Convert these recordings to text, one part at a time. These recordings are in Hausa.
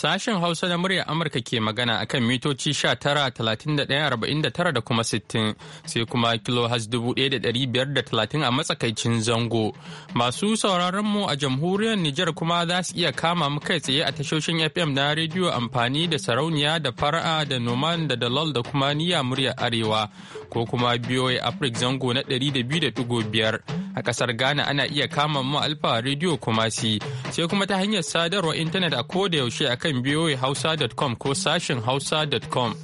Sashen Hausa na murya Amurka ke magana akan mitoci 19,39,49 da kuma 60 sai kuma da 1,530 a matsakaicin zango. Masu sauraron mu a jamhuriyar Nijar kuma za su iya kama mu kai tsaye a tashoshin FM na rediyo amfani da sarauniya da fara'a da noman da dalol da kuma niya murya Arewa ko kuma ya Afrik zango na 200.5 a kasar Ghana ana iya kama mu Alfa kuma Kumasi sai kuma ta hanyar sadarwa intanet a koda yaushe akan akan hausa.com ko sashin hausa.com.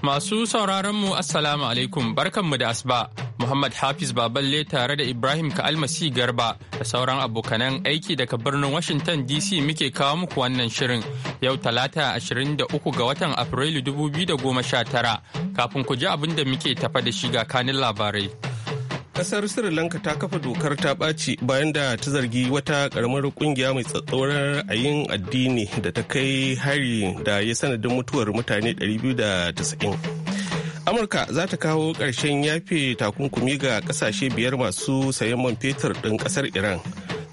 Masu sauraronmu Assalamu alaikum barkanmu da asuba. Muhammad Hafiz Baballe tare da Ibrahim Ka'almasi Garba da sauran abokanan aiki daga birnin Washington DC muke kawo muku wannan shirin yau talata 23 ga watan Afrilu 2019 kafin ku ji abin da muke tafa da shi ga kanin labarai. kasar sri lanka ta kafa dokar ta ɓaci bayan da ta zargi wata karamar ƙungiya mai tsatsauran ra'ayin addini da ta kai hari da ya sanadin mutuwar mutane 290 amurka za ta kawo ƙarshen yafe takunkumi ga ƙasashe biyar masu sayan man fetur ɗin ƙasar iran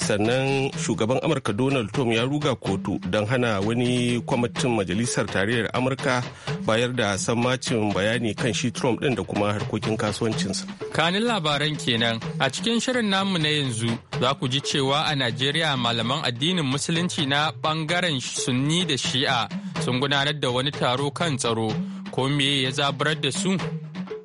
sannan shugaban amurka donald trump ya ruga kotu don hana wani kwamitin majalisar tarayyar amurka bayar da sammacin bayani kan shi trump din da kuma harkokin kasuwancinsa kanin labaran kenan a cikin shirin namu na yanzu za ku ji cewa a najeriya malaman addinin musulunci na bangaren sunni da shi'a sun gudanar da wani taro kan tsaro ko me ya zaburar da su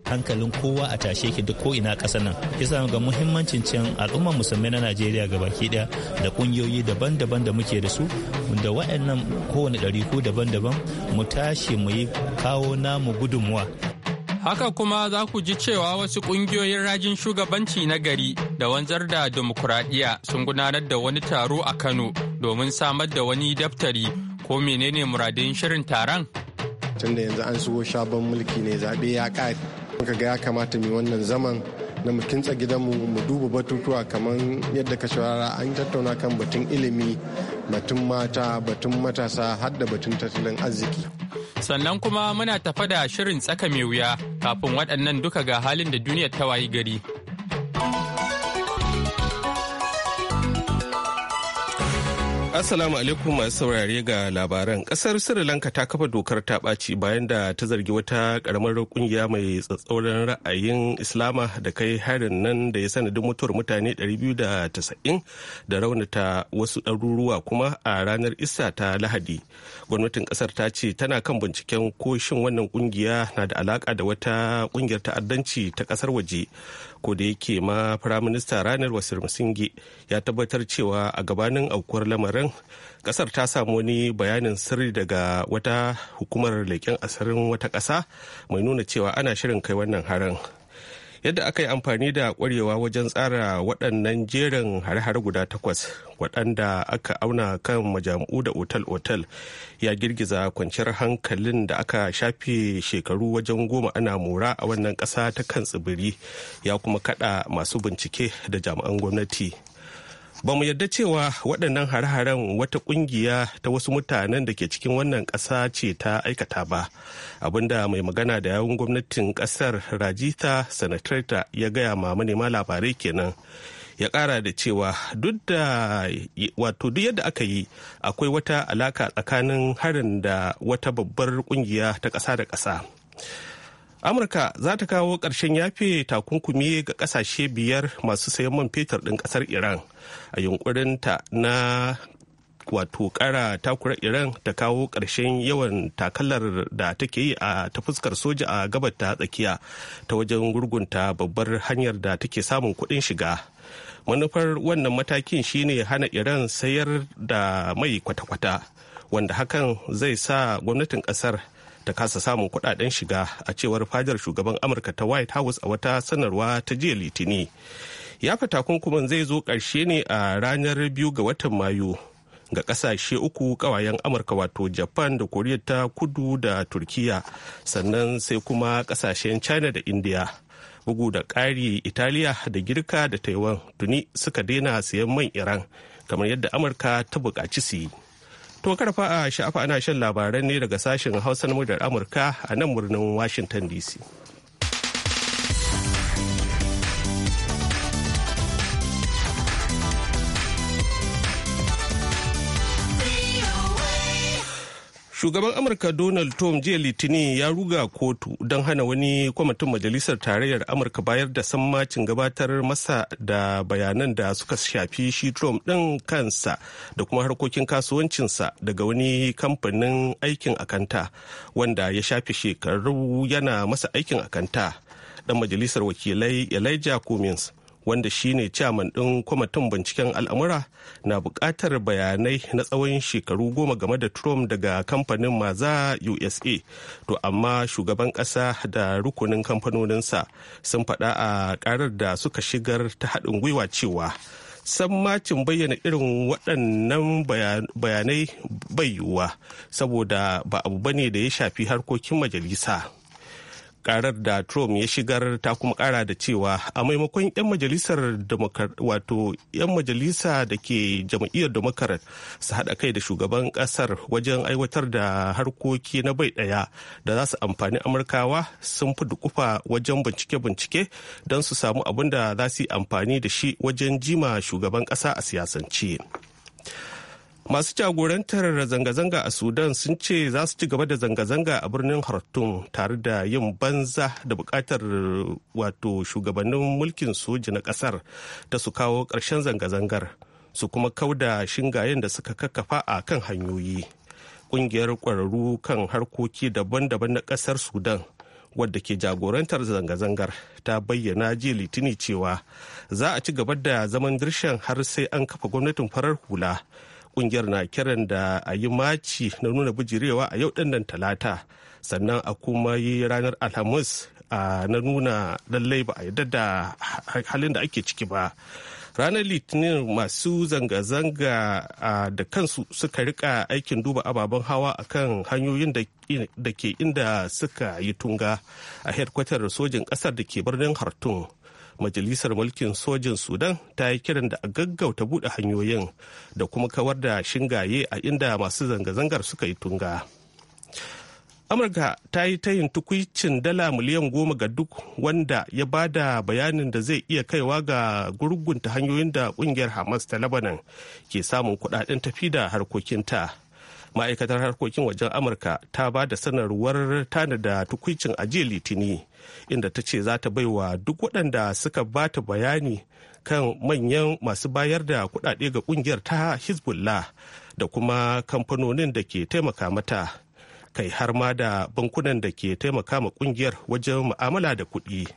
hankalin kowa a tashe ki duk ko ina ƙasar nan yasa ga muhimmancin cin al'ummar musulmai na Najeriya baki daya da kungiyoyi daban-daban da muke da su da waɗannan kowane ko daban-daban mu tashi mu yi kawo namu gudunmuwa Haka kuma za ku ji cewa wasu ƙungiyoyin rajin shugabanci na gari da wanzar da demokuraɗiyya sun gudanar da wani taro a Kano domin samar da wani daftari ko menene muradin shirin taron? Tunda yanzu an shigo sabon mulki ne zaɓe ya ƙare. muka ga ya kamata mu wannan zaman na mu kintsa gidanmu mu duba batutuwa kamar yadda ka shawara an tattauna kan batun ilimi batun mata batun matasa har da batun tattalin arziki sannan kuma muna tafa da shirin tsaka mai wuya kafin waɗannan duka ga halin da duniyar ta wayi gari Assalamu alaikum masu saurare ga labaran. Kasar Sri Lanka ta kafa dokar ta ɓaci bayan da ta zargi wata karamar kungiya mai tsatsauran ra'ayin Islama da kai harin nan da ya sanadin mutuwar mutane 290 da raunata wasu ɗaruruwa kuma a ranar isa ta Lahadi. Gwamnatin kasar ta ce tana kan binciken ko shin wannan kungiya na da alaka da wata kungiyar ta'addanci ta kasar waje. Ko da yake ma Firaminista Ranar Wasir musingi ya tabbatar cewa a gabanin aukuwar lamarin labaran kasar ta samu wani bayanin sirri daga wata hukumar leƙen asirin wata ƙasa mai nuna cewa ana shirin kai wannan harin yadda aka yi amfani da kwarewa wajen tsara waɗannan jerin hare-hare guda takwas waɗanda aka auna kan majami'u da otal-otal ya girgiza kwanciyar hankalin da aka shafe shekaru wajen goma ana mora a wannan ƙasa ta kan tsibiri ya kuma kaɗa masu bincike da jami'an gwamnati ba mu yarda cewa waɗannan hare-haren wata ƙungiya ta wasu mutanen da ke cikin wannan ƙasa ce ta aikata ba abinda mai magana da yawun gwamnatin ƙasar rajita sanatarta ya gaya ma manema labarai kenan ya ƙara da cewa duk da duk yadda aka yi akwai wata alaka tsakanin harin da wata babbar ƙungiya ta ƙasa da ƙasa amurka za ta kawo ƙarshen yafe takunkumi ga ƙasashe biyar masu sayan man fetur ɗin ƙasar iran a yunkurinta na wato ƙara takurar iran ta kawo ƙarshen yawan takalar da take yi a ta fuskar soja a gabar ta tsakiya ta wajen gurgunta babbar hanyar da take samun kuɗin shiga manufar wannan matakin shine hana iran sayar da mai kwata-kwata wanda hakan zai sa gwamnatin ƙasar ta kasa samun kudaden shiga a cewar fadar shugaban amurka ta white house a wata sanarwa ta jiya litini ya fi takunkuman zai zo ƙarshe ne a ranar biyu ga watan mayu ga ƙasashe uku ƙawayen amurka wato japan da koriya ta kudu da turkiya sannan sai kuma ƙasashen china da india bugu da ƙari italiya da girka da taiwan tuni suka daina siyan man iran kamar yadda amurka ta bukaci su yi To karfa a sha'afa ana shan labaran ne daga sashen Hausa na Amurka a nan birnin Washington DC. shugaban amurka donald trump jiya litini ya ruga kotu don hana wani kwamitin majalisar tarayyar amurka bayar da sammacin gabatar masa da bayanan da suka shafi shi trump ɗin kansa da kuma harkokin kasuwancinsa daga wani kamfanin aikin akanta wanda ya shafi shekaru yana masa aikin akanta dan majalisar wakilai elijah cummings wanda shine chairman din kwamitin binciken al'amura na bukatar bayanai na tsawon shekaru goma game da trump daga kamfanin maza usa to amma shugaban kasa da rukunin kamfanoninsa sun faɗa a karar da suka shigar ta haɗin gwiwa cewa sammacin bayyana irin waɗannan bayanai bai yiwuwa saboda ba abu bane da ya shafi harkokin majalisa. karar da trump ya shigar ta kuma kara da cewa a maimakon 'yan majalisar wato 'yan majalisa da ke jam'iyyar democrat su haɗa kai da shugaban ƙasar wajen aiwatar da harkoki na bai ɗaya da za su amfani amurkawa sun fi dukufa wajen bincike-bincike don su samu abin da za su yi amfani da shi wajen jima shugaban ƙasa a siyasance. masu jagorantar zanga-zanga a sudan sun ce za su ci gaba da zanga-zanga a birnin khartoum tare da yin banza da bukatar wato shugabannin mulkin soji na kasar ta su kawo ƙarshen zanga-zangar su kuma kauda shingayen da suka kakkafa a kan hanyoyi ƙungiyar ƙwararru kan harkoki daban-daban na ƙasar sudan wadda ke jagorantar zanga-zangar ta bayyana jiya litini cewa za a ci gaba da zaman girshen har sai an kafa gwamnatin farar hula kungiyar na kiran da a yi maci na nuna bijirewa a yau dinnan talata sannan a kuma yi ranar alhamis na nuna lallai ba a yarda da halin da ake ciki ba ranar litinin masu zanga-zanga da kansu suka rika aikin duba ababen hawa akan hanyoyin da ke inda suka yi tunga a hedkwatar sojin kasar da ke birnin hartun majalisar mulkin sojin sudan ta yi kiran da a gaggauta buɗe hanyoyin da kuma kawar da shingaye a inda masu zanga-zangar suka yi tunga amurka ta yi tayin tukwicin dala miliyan goma ga duk wanda ya ba da bayanin da zai iya kaiwa ga gurgunta hanyoyin da kungiyar hamas ta lebanon ke samun kudaden tafi da harkokinta ma'aikatar harkokin wajen amurka ta ba da sanarwar tanada tukwicin a jiya litini inda ta ce za ta baiwa duk waɗanda suka ba ta bayani kan manyan masu bayar da kuɗaɗe ga ƙungiyar ta hezbollah da kuma kamfanonin da ke taimaka mata kai har ma da bankunan da ke taimaka ma ƙungiyar wajen mu'amala da kuɗi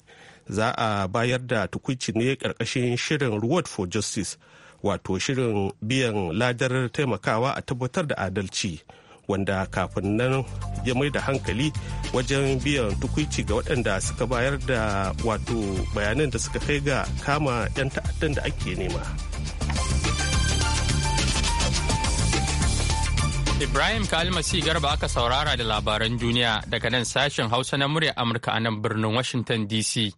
za a bayar da tukwici ne ƙarƙashin shirin reward for justice wato shirin biyan ladar taimakawa a tabbatar da adalci wanda kafin nan ya mai da hankali wajen biyan tukuici ga waɗanda suka bayar da wato bayanan da suka kai ga kama 'yan ta'addan da ake nema. Ibrahim Kalmasi Garba aka saurara da labaran duniya daga nan sashen Hausa na murya Amurka a nan birnin Washington DC.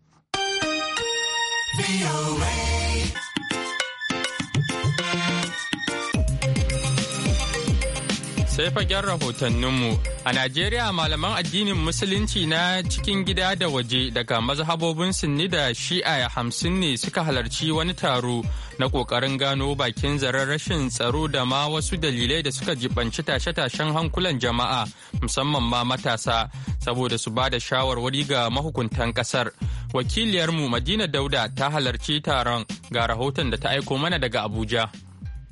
sai fagen rahotanninmu a najeriya malaman addinin musulunci na cikin gida da waje daga mazhabobin sunni da shi'a hamsin ne suka halarci wani taro na kokarin gano bakin zaren rashin tsaro da ma wasu dalilai da suka jibanci tashe-tashen hankulan jama'a musamman ma matasa saboda su ba da shawarwari ga mahukuntan kasar wakiliyarmu madina dauda ta halarci taron ga rahoton da ta aiko mana daga abuja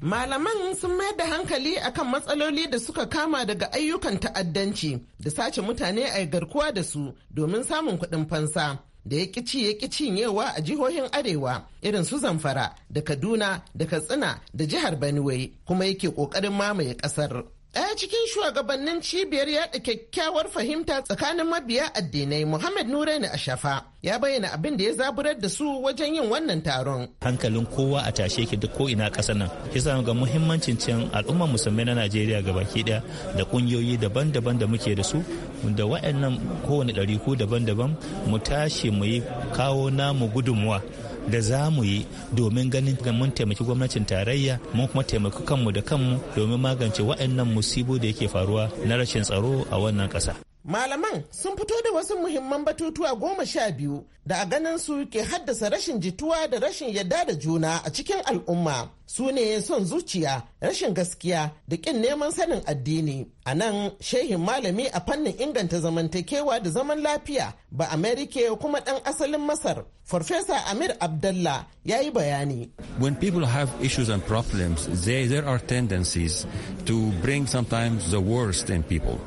Malaman sun mayar da hankali akan matsaloli da suka kama daga ayyukan ta'addanci da sace mutane a garkuwa da su domin samun kuɗin fansa. Da ya ƙici ya ƙi cinyewa a jihohin Arewa irin su Zamfara da Kaduna da Katsina da jihar Benue kuma yake ƙoƙarin mamaye ƙasar. daya cikin shugabannin cibiyar yaɗa kyakkyawar fahimta tsakanin mabiya addinai Muhammad Nureni Ashafa ya bayyana abin da ya zaburar da su wajen yin wannan taron. Hankalin kowa a tashe ki duk ko'ina ƙasar nan. Kisa ga muhimmancin cin al'ummar musulmai na Najeriya ga baki ɗaya da ƙungiyoyi daban-daban da muke da su da wa'annan kowane ɗariku daban-daban mu tashi mu yi kawo namu gudunmuwa da za mu yi domin ganin mun taimaki gwamnatin tarayya mun kuma taimaki kanmu da kanmu domin magance waɗannan musibu da yake faruwa na rashin tsaro a wannan ƙasa. Malaman sun fito da wasu muhimman batutuwa goma sha biyu da a ganin su ke haddasa rashin jituwa da rashin yadda da juna a cikin al'umma. Su ne son zuciya, rashin gaskiya da ƙin neman sanin addini. A nan shehin malami a fannin inganta zamantakewa da zaman lafiya ba Amerike kuma ɗan asalin Masar. Farfesa Amir Abdallah ya yi bayani. When people have issues and problems, there are tendencies to bring sometimes the worst in people.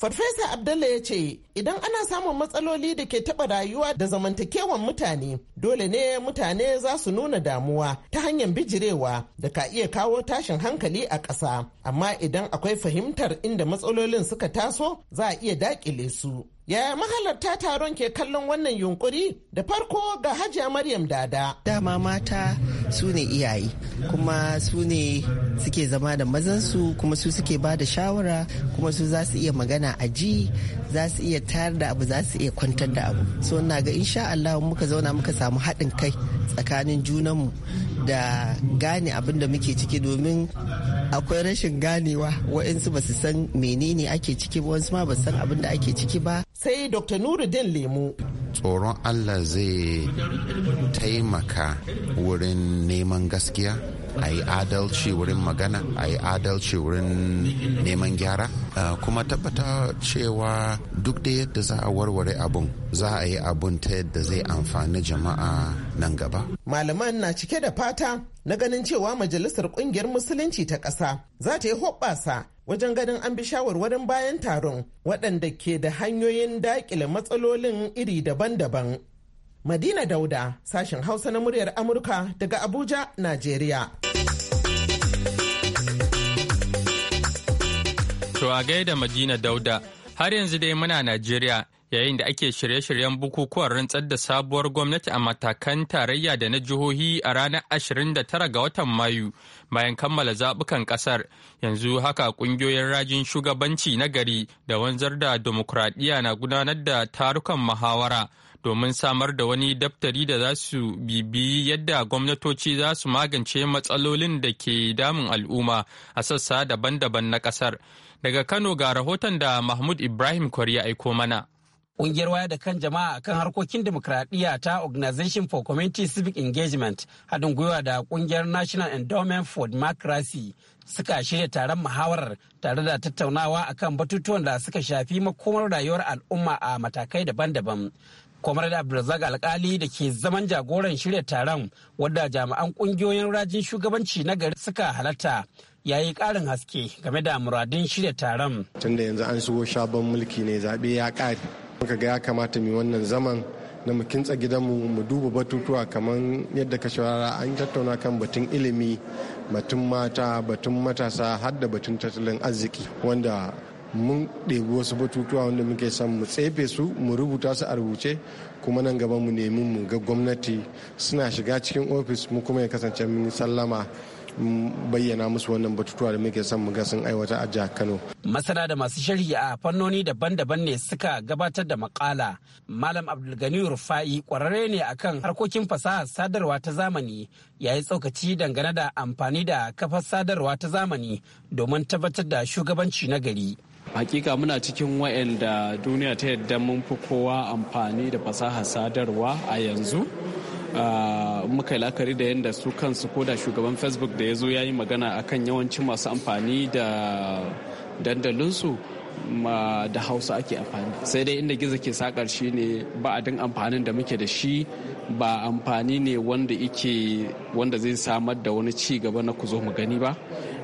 Farfesa Abdalla ya ce idan ana samun matsaloli da ke taɓa rayuwa da zamantakewan mutane dole ne mutane za su nuna damuwa ta hanyar bijirewa da ka iya kawo tashin hankali a ƙasa. Amma idan akwai fahimtar inda matsalolin suka taso za a iya daƙile su. Yaya mahalarta taron ke kallon wannan yunkuri? Da farko ga Hajiya Maryam Dada. Dama mata su ne iyaye, kuma su ne suke zama da mazansu, kuma su suke ba da shawara, kuma su za su iya magana a ji, za su iya tayar da abu, za su iya kwantar da abu. So na ga insha Allah muka zauna muka samu haɗin kai tsakanin junanmu da gane abin da muke ciki domin akwai rashin ganewa wa'insu ba su san menene ake ciki ba wasu ma ba san abin da ake ciki ba sai dr nuruddin lemu tsoron allah zai taimaka wurin neman gaskiya a yi adalci wurin magana a yi adalci wurin neman gyara kuma tabbata cewa duk da yadda za a warware abun za a yi abun ta yadda zai amfani jama'a nan gaba malaman na cike da fata na ganin cewa majalisar kungiyar musulunci ta ƙasa za ta yi hoɓɓasa wajen ganin an bi shawarwarin bayan taron waɗanda ke da hanyoyin daƙile matsalolin iri daban-daban. Madina Dauda, sashen Hausa na muryar Amurka daga Abuja, Najeriya. To a da Madina Dauda, har yanzu dai muna Najeriya yayin da ake shirye-shiryen bukukuwan rantsar da sabuwar gwamnati a matakan tarayya da na jihohi a ranar 29 ga watan mayu bayan kammala zaɓukan ƙasar yanzu haka ƙungiyoyin rajin shugabanci na gari da wanzar da demokuraɗiyya na gudanar da tarukan muhawara domin samar da wani daftari da za su bibiyi yadda gwamnatoci za su magance matsalolin da ke damun al'umma a sassa daban-daban na ƙasar daga kano ga rahoton da mahmud ibrahim kwari ya aiko mana Ƙungiyar waya da kan jama'a kan harkokin demokradiyya ta Organization for Community Civic Engagement haɗin gwiwa da ƙungiyar National Endowment for Democracy suka shirya taron muhawarar tare da tattaunawa akan batutuwan da suka shafi makomar rayuwar al'umma a matakai daban-daban. Kwamar da Abdulrazak alkali da ke zaman jagoran shirya taron wadda jami'an ƙungiyoyin rajin shugabanci na gari suka halatta ya yi ƙarin haske game da muradin shirya taron. Tunda yanzu an shigo sabon mulki ne zaɓe ya ƙare. muka ga ya kamata mu wannan zaman na mu kintsa gidanmu mu duba batutuwa kamar yadda ka shawara an tattauna kan batun ilimi batun mata batun matasa har da batun tattalin arziki wanda mun ɗebi wasu batutuwa wanda muke son mu tsefe su mu rubuta su a rubuce kuma nan gaba mu nemi mu ga gwamnati suna shiga cikin ofis mu kuma ya kasance mun sallama bayyana musu wannan batutuwa da muke son mu ga sun aiwata a jihar Kano. Masana da masu sharhi a fannoni daban-daban ne suka gabatar da makala. Malam Abdulgani Rufai kwararre ne akan harkokin fasahar sadarwa ta zamani ya yi tsokaci dangane da amfani da kafar sadarwa ta zamani domin tabbatar da shugabanci na gari. hakika muna cikin wa'anda duniya ta yadda mun fi kowa amfani da fasahar sadarwa a yanzu Ah, muka yi la'akari da yadda su kansu ko da shugaban facebook da ya zo ya yi magana akan yawancin masu amfani da dandalinsu ma da hausa ake amfani sai dai inda gizo ke sakar shi ne ba'adin amfanin da muke da shi ba amfani ne wanda ike wanda zai samar da wani ci gaba na ku zo mu gani ba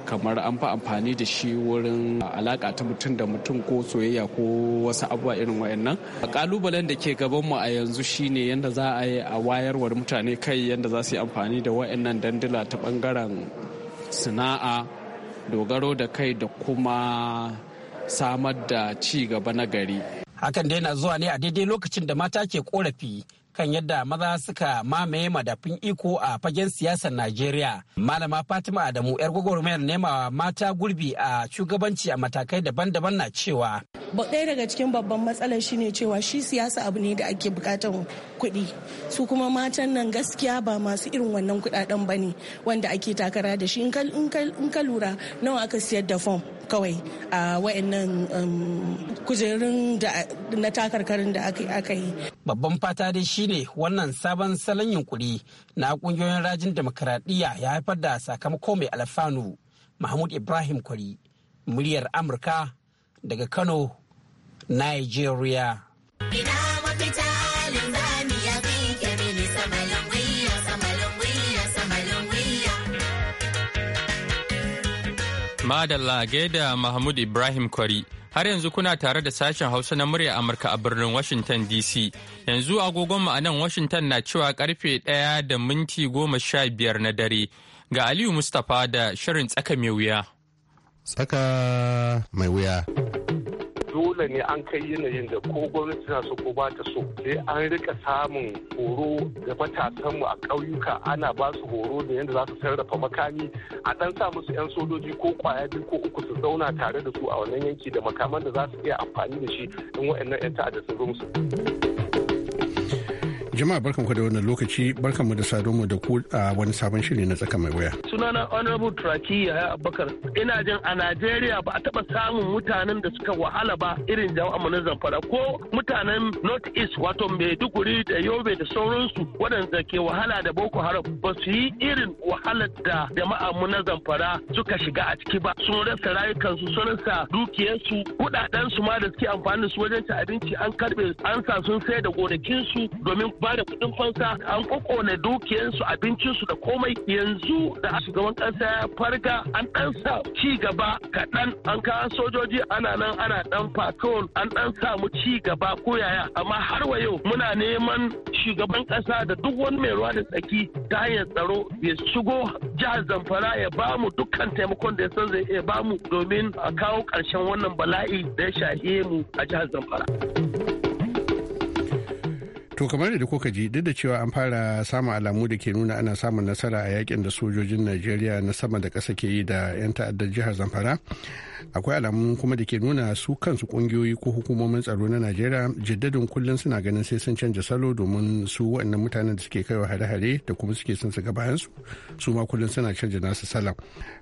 kamar an fi amfani da shi wurin alaka ta mutum da mutum ko soyayya ko wasu abubuwa irin wayannan kalubalen da ke gabanmu a yanzu shine yadda za a yi a wayarwar mutane kai yadda za su yi amfani da wayannan dandula ta bangaren sana'a dogaro da kai da kuma samar da ci gaba na gari. Hakan dai na zuwa ne a daidai lokacin da mata ke korafi kan yadda maza suka mamaye madafin iko a fagen siyasar Najeriya. Malama Fatima Adamu 'yar gwagwarmayar nema mata gurbi a shugabanci a matakai daban-daban na cewa. Ɗaya daga cikin babban matsalar shine cewa shi siyasa abu ne da ake bukatar kuɗi su kuma matan nan gaskiya ba masu irin wannan kuɗaɗen ba ne wanda ake takara da shi in ka lura nawa aka siyar da fom kawai a wayannan um, kujerun na takarkarin da aka yi babban fata dai shine wannan sabon salon yin yunkuri na ƙungiyoyin rajin demokaradiyya ya haifar da sakamako mai alfanu mahmud ibrahim kwari muryar amurka daga kano nigeria Madalla gaida Mahmud Ibrahim Kwari har yanzu kuna tare da sashen Hausa na murya Amurka a birnin Washington DC. Yanzu agogonmu a nan Washington na cewa karfe ɗaya da minti goma sha biyar na dare ga Aliyu Mustapha da shirin tsaka mai wuya. Tsaka mai wuya. dole ne an kai yanayin da ko gwamnati na so ko ba ta so sai an rika samun horo da matasanmu a ƙauyuka ana ba su horo da yadda za su sarrafa makami a ɗan sa musu 'yan sojoji ko kwaya biyu ko uku su zauna tare da su a wannan yanki da makaman da za su iya amfani da shi in waɗannan 'yan ta'adda sun zo musu. Jama'a barkanku da wannan lokaci barkanmu da sadonmu da ku a wani sabon shiri na tsaka mai waya. Sunana Honorable Traki Yahaya Abubakar ina jin a Najeriya ba a taba samun mutanen da suka wahala ba irin jama'a mu na Zamfara ko mutanen North East wato Maiduguri da Yobe da sauransu waɗanda ke wahala da Boko Haram ba su yi irin wahalar da jama'a mu na Zamfara suka shiga a ciki ba sun rasa rayukansu sun rasa dukiyarsu kuɗaɗensu ma da suke amfani da su wajen ci abinci an karɓe an sa sun sai da gonakinsu domin ba da kuɗin fansa an kokone dukiyarsu abincinsu da komai yanzu da a shugaban ƙasa ya farga an ɗan sa ci gaba kaɗan an kawo sojoji ana nan ana ɗan patrol an ɗan samu ci gaba ko yaya amma har wa yau muna neman shugaban ƙasa da duk wani mai ruwa da tsaki ta hanyar tsaro ya shigo jihar zamfara ya ba mu dukkan taimakon da ya san zai iya ba mu domin a kawo ƙarshen wannan bala'i da ya shahe mu a jihar zamfara. To kamar da kuka ji duk da cewa an fara samun alamu da ke nuna ana samun nasara a yakin da sojojin Najeriya na sama da ƙasa ke yi da 'yan ta'addar jihar Zamfara. Akwai alamu kuma da ke nuna su kansu kungiyoyi ko hukumomin tsaro na Najeriya jaddadin kullum suna ganin sai sun canja salo domin su waɗannan mutanen da suke kaiwa hare-hare da kuma suke son su ga bayan su su ma kullum suna canja nasu salon.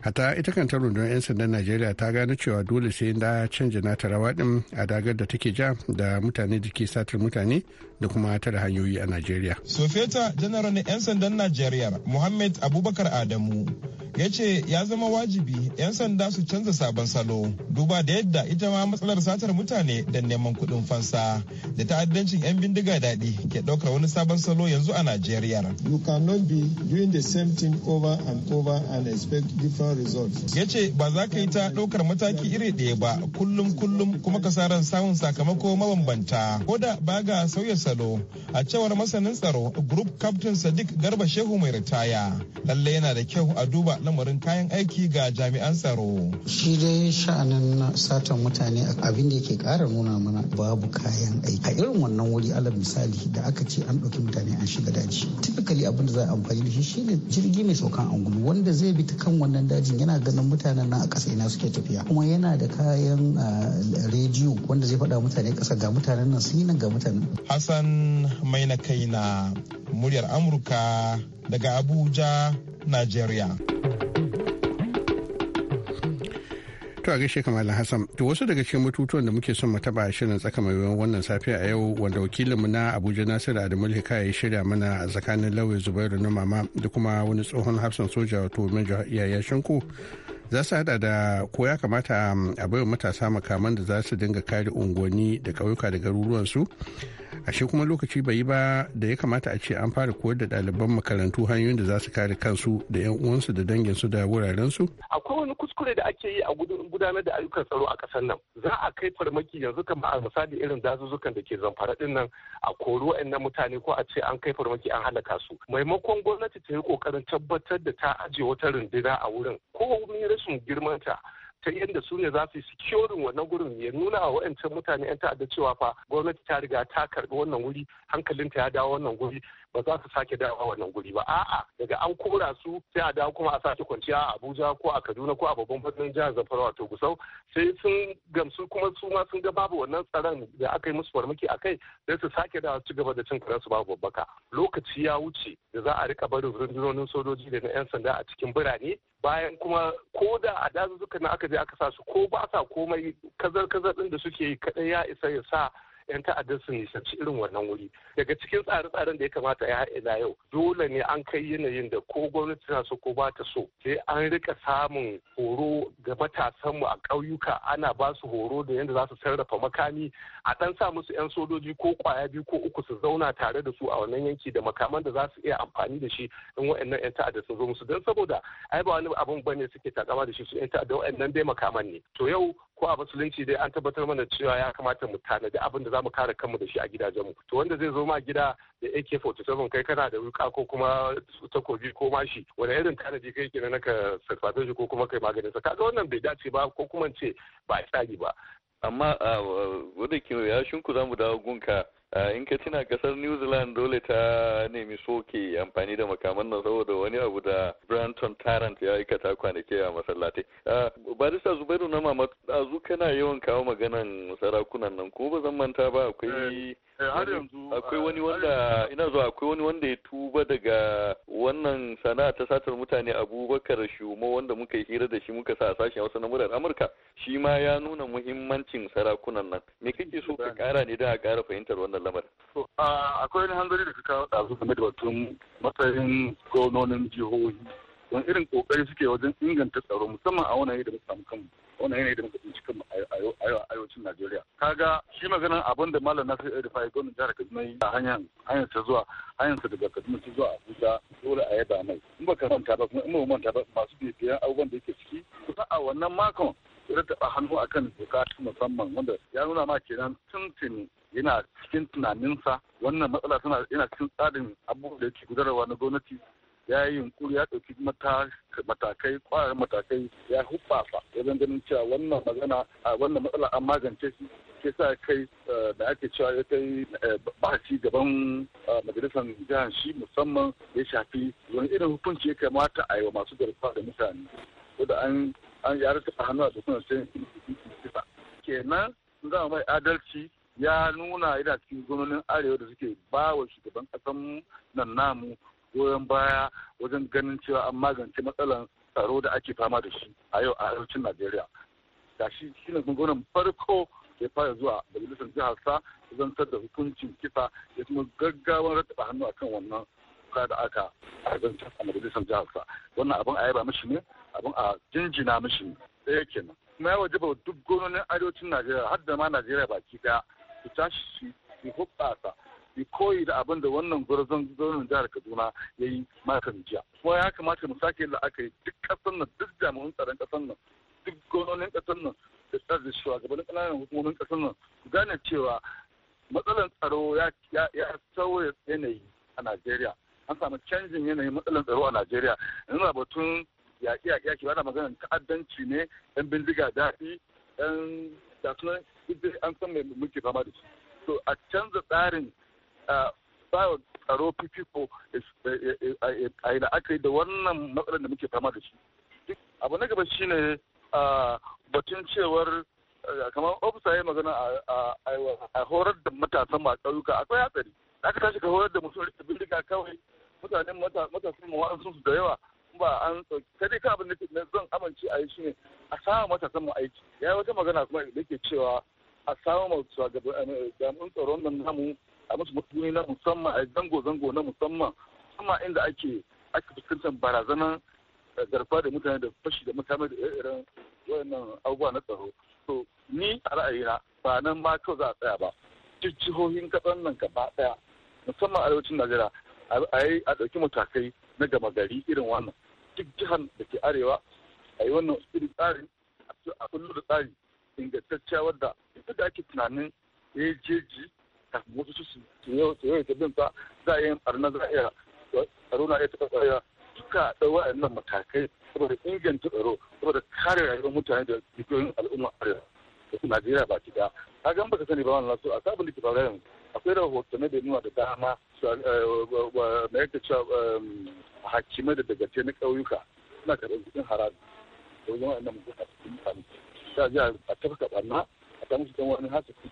Hata ita kanta rundunar 'yan sandan Najeriya ta gano cewa dole sai da canja nata rawa din a dagar da take ja da mutane da ke satar mutane da kuma tare hanyoyi a Najeriya. Sofeta Janaral na 'yan sandan Najeriya Muhammad Abubakar Adamu ya ce ya zama wajibi 'yan sanda su canza sabon salo duba da yadda ita ma matsalar satar mutane da neman kudin fansa da ta'addancin 'yan bindiga daɗi ke ɗaukar wani sabon salo yanzu a Najeriya. You cannot be doing the same thing over and over and expect different results. Ya ce ba za ka yi ta ɗaukar mataki iri ɗaya ba kullum kullum kuma ran samun sakamako mabambanta ko da ba ga sauya salo a cewar masanin tsaro group captain sadiq garba shehu mai ritaya lalle yana da kyau a duba lamarin kayan aiki ga jami'an tsaro shi dai sha'anin satan mutane abin da yake kara nuna mana babu kayan aiki a irin wannan wuri alal misali da aka ce an ɗauki mutane an shiga daji Tipikali abin da za a amfani da shi shine jirgi mai saukan angulu wanda zai bi ta kan wannan dajin yana ganin mutanen nan a ƙasa ina suke tafiya kuma yana da kayan ah, rediyo wanda zai faɗa mutane kasa ga mutanen nan sun yi nan ga mutanen. Hassan mai na kai na muryar Amurka daga Abuja, Najeriya. To a gaishe kamar Hassan, to wasu daga cikin mututuwan da muke son mu taba shirin tsaka mai wannan safiya a yau wanda wakilinmu na Abuja Nasiru Adamu Lika ya shirya mana a tsakanin Lawi Zubairu na mama da kuma wani tsohon hafsan soja wato Major Yaya Shanko za su hada da ko ya kamata um, a baiwa matasa makaman da za su dinga kare unguwanni da ƙauyuka da garuruwansu ashe kuma lokaci bai yi ba da ya kamata a ce an fara koyar da ɗaliban makarantu hanyoyin da za su kare kansu da yan uwansu da dangin su da wurarensu? akwai wani kuskure da ake yi a gudanar da ayyukan tsaro a ƙasar nan za a kai farmaki yanzu kamar a misali irin dazuzzukan da ke zamfara din nan a koro na mutane ko a ce an kai farmaki an halaka su maimakon gwamnati ta yi kokarin tabbatar da ta ajiye wata runduna a wurin ko rashin girmanta ta yadda su ne za su yi securing wannan gurin ya nuna wa wa'ancan mutane 'yan ta'adda cewa fa gwamnati ta riga ta karbi wannan wuri hankalinta ya dawo wannan guri ba za su sake dawowa wannan guri ba a'a daga an kora su sai a dawo kuma a sake kwanciya a Abuja ko a Kaduna ko a babban birnin jihar Zamfara wato Gusau sai sun gamsu kuma su ma sun ga babu wannan tsaron da aka yi musu farmaki a kai sai su sake dawo ci gaba da cin su babu babbaka lokaci ya wuce da za a rika barin rundunonin sojoji da na 'yan sanda a cikin birane bayan kuma ko da a dazuzzuka na aka je aka sa su ko ba sa komai kazar-kazar din da suke yi kadai ya isa ya sa 'yan ta'addar su nisanci irin wannan wuri daga cikin tsare-tsaren da ya kamata ya haɗa yau dole ne an kai yanayin da ko gwamnati na so ko ba ta so sai an rika samun horo ga matasanmu a ƙauyuka ana ba su horo da yadda za su sarrafa makami a ɗan sa musu 'yan sojoji ko kwaya biyu ko uku su zauna tare da su a wannan yanki da makaman da za su iya amfani da shi in wa'annan 'yan ta'adda sun zo musu don saboda ai ba wani abin bane suke takama da shi su 'yan ta'adda wa'annan dai makaman ne to yau ko a musulunci dai an tabbatar mana cewa ya kamata mu tanadi abin da zamu kare kanmu da shi a gidajenmu to wanda zai zo ma gida da AK47 kai kana da wuka ko kuma takobi ko mashi wani irin tanadi kai kenan naka sarfata shi ko kuma kai maganin sa kaga wannan bai dace ba ko kuma ce ba a tsari ba amma ah, wadda ke ya shinku za mu dawo gunka Eh, in ka tuna kasar new zealand dole ta nemi soke amfani da makaman nan saboda wani abu da branton tarrant ya aikata kwanaki a masallatai eh, barista zubairu na mama azu kana yawan kawo maganan sarakunan nan ko ba zan manta ba akwai eh, wani wanda ina zuwa akwai wani wanda ya tuba daga wannan sana'a ta satar mutane abubakar shumo wanda muka yi hira da shi muka sa a sashen wasu na murar amurka shi ma ya nuna muhimmancin sarakunan nan me kake so ka kara ne da a kara fahimtar wannan lamarin. akwai wani hanzari da ka kawo ɗazu game da batun matsayin gwamnonin jihohi don irin kokari suke wajen inganta tsaro musamman a wani da muka samu kanmu wannan yanayi da muka tsinci kan arewacin Najeriya. Kaga shi maganan abin da Malam Nasir Erifa ya gwamnan jihar Kaduna yi a hanyar hanyar ta zuwa hanyar ta daga Kaduna ta zuwa Abuja dole a yaba mai. In ka manta ba kuma in ba manta ba masu biyan abubuwan da yake ciki kusa a wannan makon ya taɓa hannu akan doka musamman wanda ya nuna ma kenan tuntuni yana cikin tunaninsa wannan matsala tana yana cikin tsarin abubuwan da yake gudanarwa na gwamnati ya yi yunkuri ya ɗauki matakai kwayar matakai ya huɓɓasa wajen ganin cewa wannan magana a wannan matsala an magance shi ke sa kai eh, da ake cewa ya kai eh, baci gaban eh, majalisar jihar shi musamman ya shafi wani irin hukunci ya kamata a yi wa masu garkuwa da mutane da an an yare ta hannu a dokunan sai kenan za mai adalci ya nuna yana cikin gwamnonin arewa da suke ba wa shugaban ƙasan nan namu goyon baya wajen ganin cewa an magance matsalar tsaro da ake fama da shi a yau a arewacin najeriya ga shi shi ne gwamnan farko ya fara zuwa majalisar jihar sa zantar da hukuncin kisa ya kuma gaggawan rattaba hannu akan wannan kuka da aka zantar a majalisar jihar sa wannan abin a yaba mishi ne abin a jinjina mishi ne ɗaya kenan kuma ya wajaba duk gononin arewacin najeriya har da ma najeriya baki daya su tashi su hubɓasa su koyi da abin da wannan gurzon zonin jihar kaduna ya yi makon jiya kuma ya kamata mu sake yi duk ƙasar nan duk jami'an tsaron ƙasar nan duk gononin ƙasar nan da tsarin da kananan hukumomin ƙasar nan su gane cewa matsalar tsaro ya sauya yanayi a najeriya an samu canjin yanayin matsalar tsaro a najeriya ina batun yaƙi yaƙi ba da magana ta'addanci ne yan bindiga daɗi yan duk dai an san mai mulki fama da shi so a canza tsarin bawa tsaro fifiko a yi la'akari da wannan matsalar da muke fama da shi abu na gaba shi ne batun cewar kamar ofisa ya magana a horar da matasan ma ƙauyuka akwai hatsari aka tashi ka horar da musu da bindiga kawai mutanen matasan ma wa'ansu da yawa ba an ɗauki kadai ka abin da zan amince a yi shi ne a samun matasan mu aiki ya yi wata magana kuma da ke cewa a samu masu jami'un tsaron nan namu a musu mutuni na musamman a zango-zango na musamman musamman inda ake ake fuskantar barazanar eh, garba da mutane da fashi da mutane da irin wannan abubuwa na tsaro to ni a ra'ayina ba nan ma kawai za a tsaya ba duk jihohin kasan nan gaba daya musamman arewacin najeriya a yi a ɗauki matakai na gama gari irin wannan duk jihar da ke arewa a yi wannan irin tsari a kullum da tsari ingantacciya wadda duk da ake tunanin ya jeji kafin wasu su yau ta bin ta za a yi arna za a iya tsaro na iya taɓa tsaya duka ɗau waɗannan matakai saboda inganta tsaro saboda kare rayuwar mutane da dukiyoyin al'umma a da su Najeriya ki da a gan ka sani ba wannan so a sabon da ke faruwa yanzu akwai rahotanni da nuna da dama na yadda cewa eh, ehm, hakimai da dagace na ƙauyuka suna karɓar kuɗin haraji da wajen cikin mutane sai ji a tafka barna a ta musu wani hasiki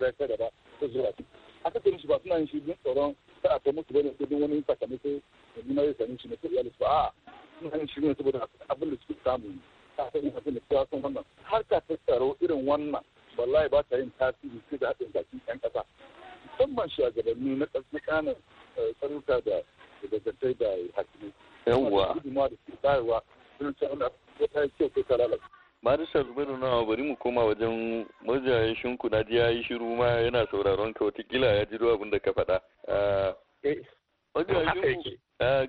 da kada ba zuwa ba suna yin shi don tsoron kar a ta musu bane ko don wani sakamako da nuna shi na ko iyali ba a suna yin shi ne saboda abin da suke samu ne ta ta yin abin da suke son wannan har ka ta tsaro irin wannan wallahi ba ta yin tasiri sai da haɗin baki ɗan ƙasa musamman shugabanni na ƙananan eh, tsaruka da dangantai da hakimi. Yawwa. Gudunmawa da ke bayarwa sun ce wani abu ta yi kyau ko ta lalata. Marisa Zubairu nawa bari mu koma wajen majayin shinku na ji ya yi shiru ma yana sauraron ka watakila ya ji duk abin da ka faɗa. Eh. Ah,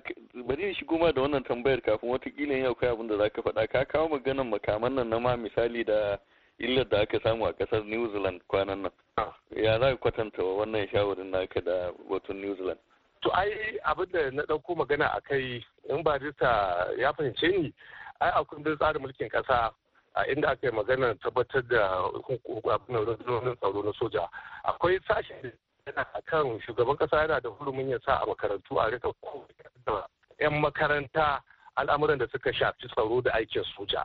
bari shi goma da wannan tambayar kafin watakila yau kai abin da za ka faɗa ka kawo maganan makaman nan na ma misali da illar da aka samu a ƙasar New Zealand kwanan nan. Ah. Ya za ka kwatanta wannan shawarin naka da batun New Zealand? To ai abin da na ɗauko magana a kai in barista ya fahimce ni ai akwai kundin tsarin mulkin ƙasa a inda aka yi magana tabbatar da rundunonin tsaro na soja akwai sashen yana kan shugaban kasa yana da hurumin ya sa a makarantu a rika da 'yan makaranta al'amuran da suka shafi tsaro da aikin soja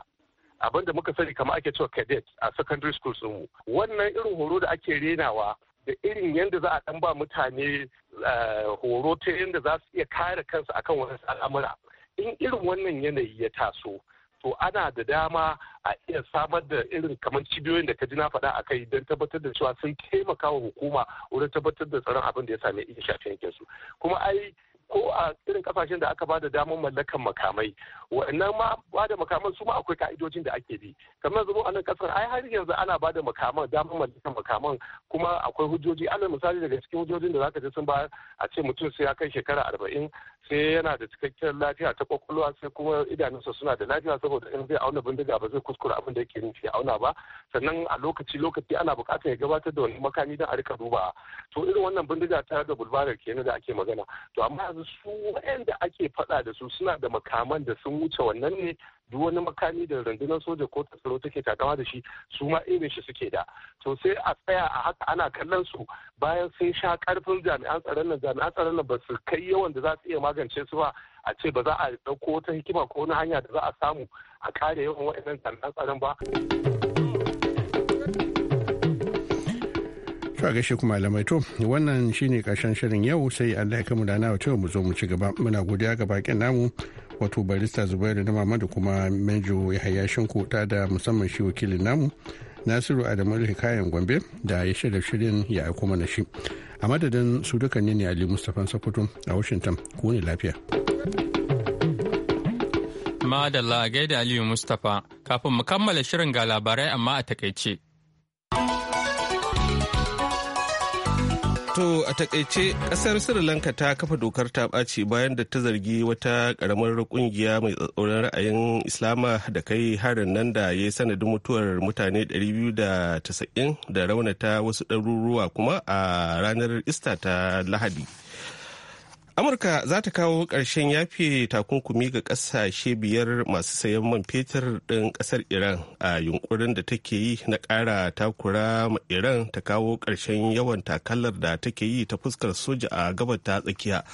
abin da muka sani kamar ake cewa cadet a secondary school mu wannan irin horo da ake renawa da irin yadda za a dan ba mutane eh, horo ta yadda za su iya kare kansu akan wasu al'amura in irin wannan yanayi ya taso to ana da dama a iya samar da irin kamar cibiyoyin da ka ji na faɗa a kai don tabbatar da cewa sun taimaka wa hukuma wurin tabbatar da tsaron abin da ya same iya shafi yankinsu kuma ai ko a irin kasashen da aka ba da damar mallakan makamai wa'annan ma ba da makaman su ma akwai ka'idojin da ake bi kamar zubo a nan kasar ai har yanzu ana ba da makaman damar mallakan makaman kuma akwai hujjoji ana misali daga cikin hujjojin da zaka ji sun ba a ce mutum sai ya kai shekara arba'in sai yana da cikakkiyar lafiya ta kwakwalwa sai kuma idanunsa suna da lafiya saboda in zai auna bindiga ba zai kuskura abin da yake nufi auna ba sannan a lokaci lokaci ana buƙatar ya gabatar da wani makami don a rika duba to irin wannan bindiga ta da bulbarar kenan da ake magana to amma yanzu su da ake faɗa da su suna da makaman da sun wuce wannan ne duk wani makami da rundunar soja ko tsaro take takama da shi su ma irin shi suke da to sai a tsaya a haka ana kallon su bayan sun sha karfin jami'an tsaron nan jami'an tsaron nan ba su kai yawan da za su iya magance su ba a ce ba za a ɗauko wata hikima ko wani hanya da za a samu a kare yawan waɗannan jami'an tsaron ba. To gaishe kuma malamai to wannan shine karshen shirin yau sai Allah ya kamu da na wato mu zo mu ci gaba muna godiya ga bakin namu wato barista Zubairu na mama da kuma ya Yahaya Shinko ta da musamman shi wakilin namu Nasiru Adamu kayan Gombe da ya shirya shirin ya aiko mana shi. A madadin su duka ne Ali Mustapha Sokoto a Washington ku ne lafiya. Madalla gaida Aliyu Mustapha kafin mu kammala shirin ga labarai amma a takaice. To a takaice kasar Sri Lanka ta kafa dokar ta ɓaci bayan da ta zargi wata karamar ƙungiya mai tsatsauran ra'ayin Islama da kai harin nan da ya yi sanadin mutuwar mutane 290 da raunata wasu ɗaruruwa kuma a ranar Ista ta Lahadi. amurka za ta kawo ƙarshen yafe takunkumi ga ƙasashe biyar masu sayan man fetur ɗin ƙasar iran a yunkurin da take yi na ƙara takura ma iran ta kawo ƙarshen yawan takalar da take yi ta fuskar soja a gabar ta tsakiya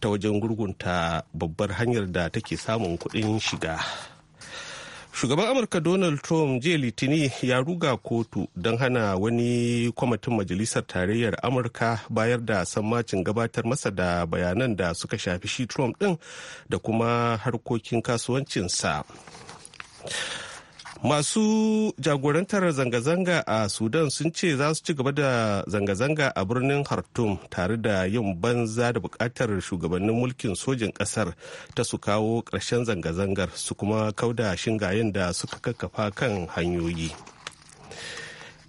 ta wajen gurgunta babbar hanyar da take samun kuɗin shiga shugaban amurka donald trump jiya litini ya ruga kotu don hana wani kwamitin majalisar tarayyar amurka bayar da sammacin gabatar masa da bayanan da suka shafi shi trump din da kuma harkokin kasuwancinsa Masu jagorantar zanga-zanga a Sudan sun ce za su ci gaba da zanga-zanga a birnin Khartoum tare da yin banza da bukatar shugabannin mulkin sojin ƙasar ta su kawo ƙarshen zanga-zangar su kuma kauda shingayen da suka kakkafa kan hanyoyi.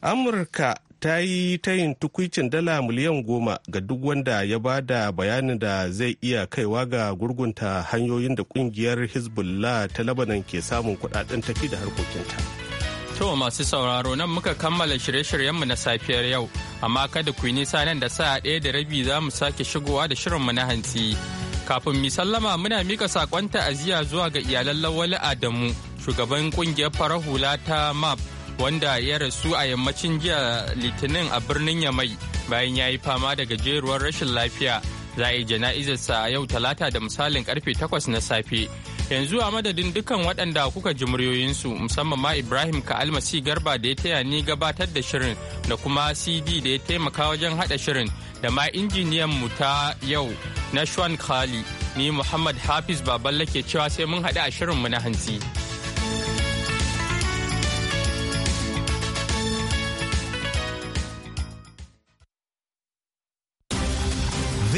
Amurka ta yi tayin tukwicin dala miliyan goma ga duk wanda ya ba da bayanin da zai iya kaiwa ga gurgunta hanyoyin da kungiyar hezbollah ta labanan ke samun kudaden tafi da harkokinta to masu sauraro nan muka kammala shirye-shiryenmu na safiyar yau amma kada ku yi nisa nan da sa'a ɗaya da rabi za mu sake shigowa da shirinmu na hantsi kafin mi sallama muna mika sakon ta'aziyya zuwa ga iyalan lawali adamu shugaban kungiyar farahula ta map wanda ya rasu a yammacin jiya litinin a birnin yamai bayan ya yi fama da gajeruwar rashin lafiya za a yi jana'izarsa a yau talata da misalin karfe takwas na safe yanzu a madadin dukkan waɗanda kuka ji muryoyinsu musamman ma ibrahim ka almasi garba da ya taya ni gabatar da shirin da kuma cd da ya taimaka wajen haɗa shirin da ma injiniyan mu ta yau na shwan khali ni muhammad hafiz baballe ke cewa sai mun haɗu a shirin mu na hantsi.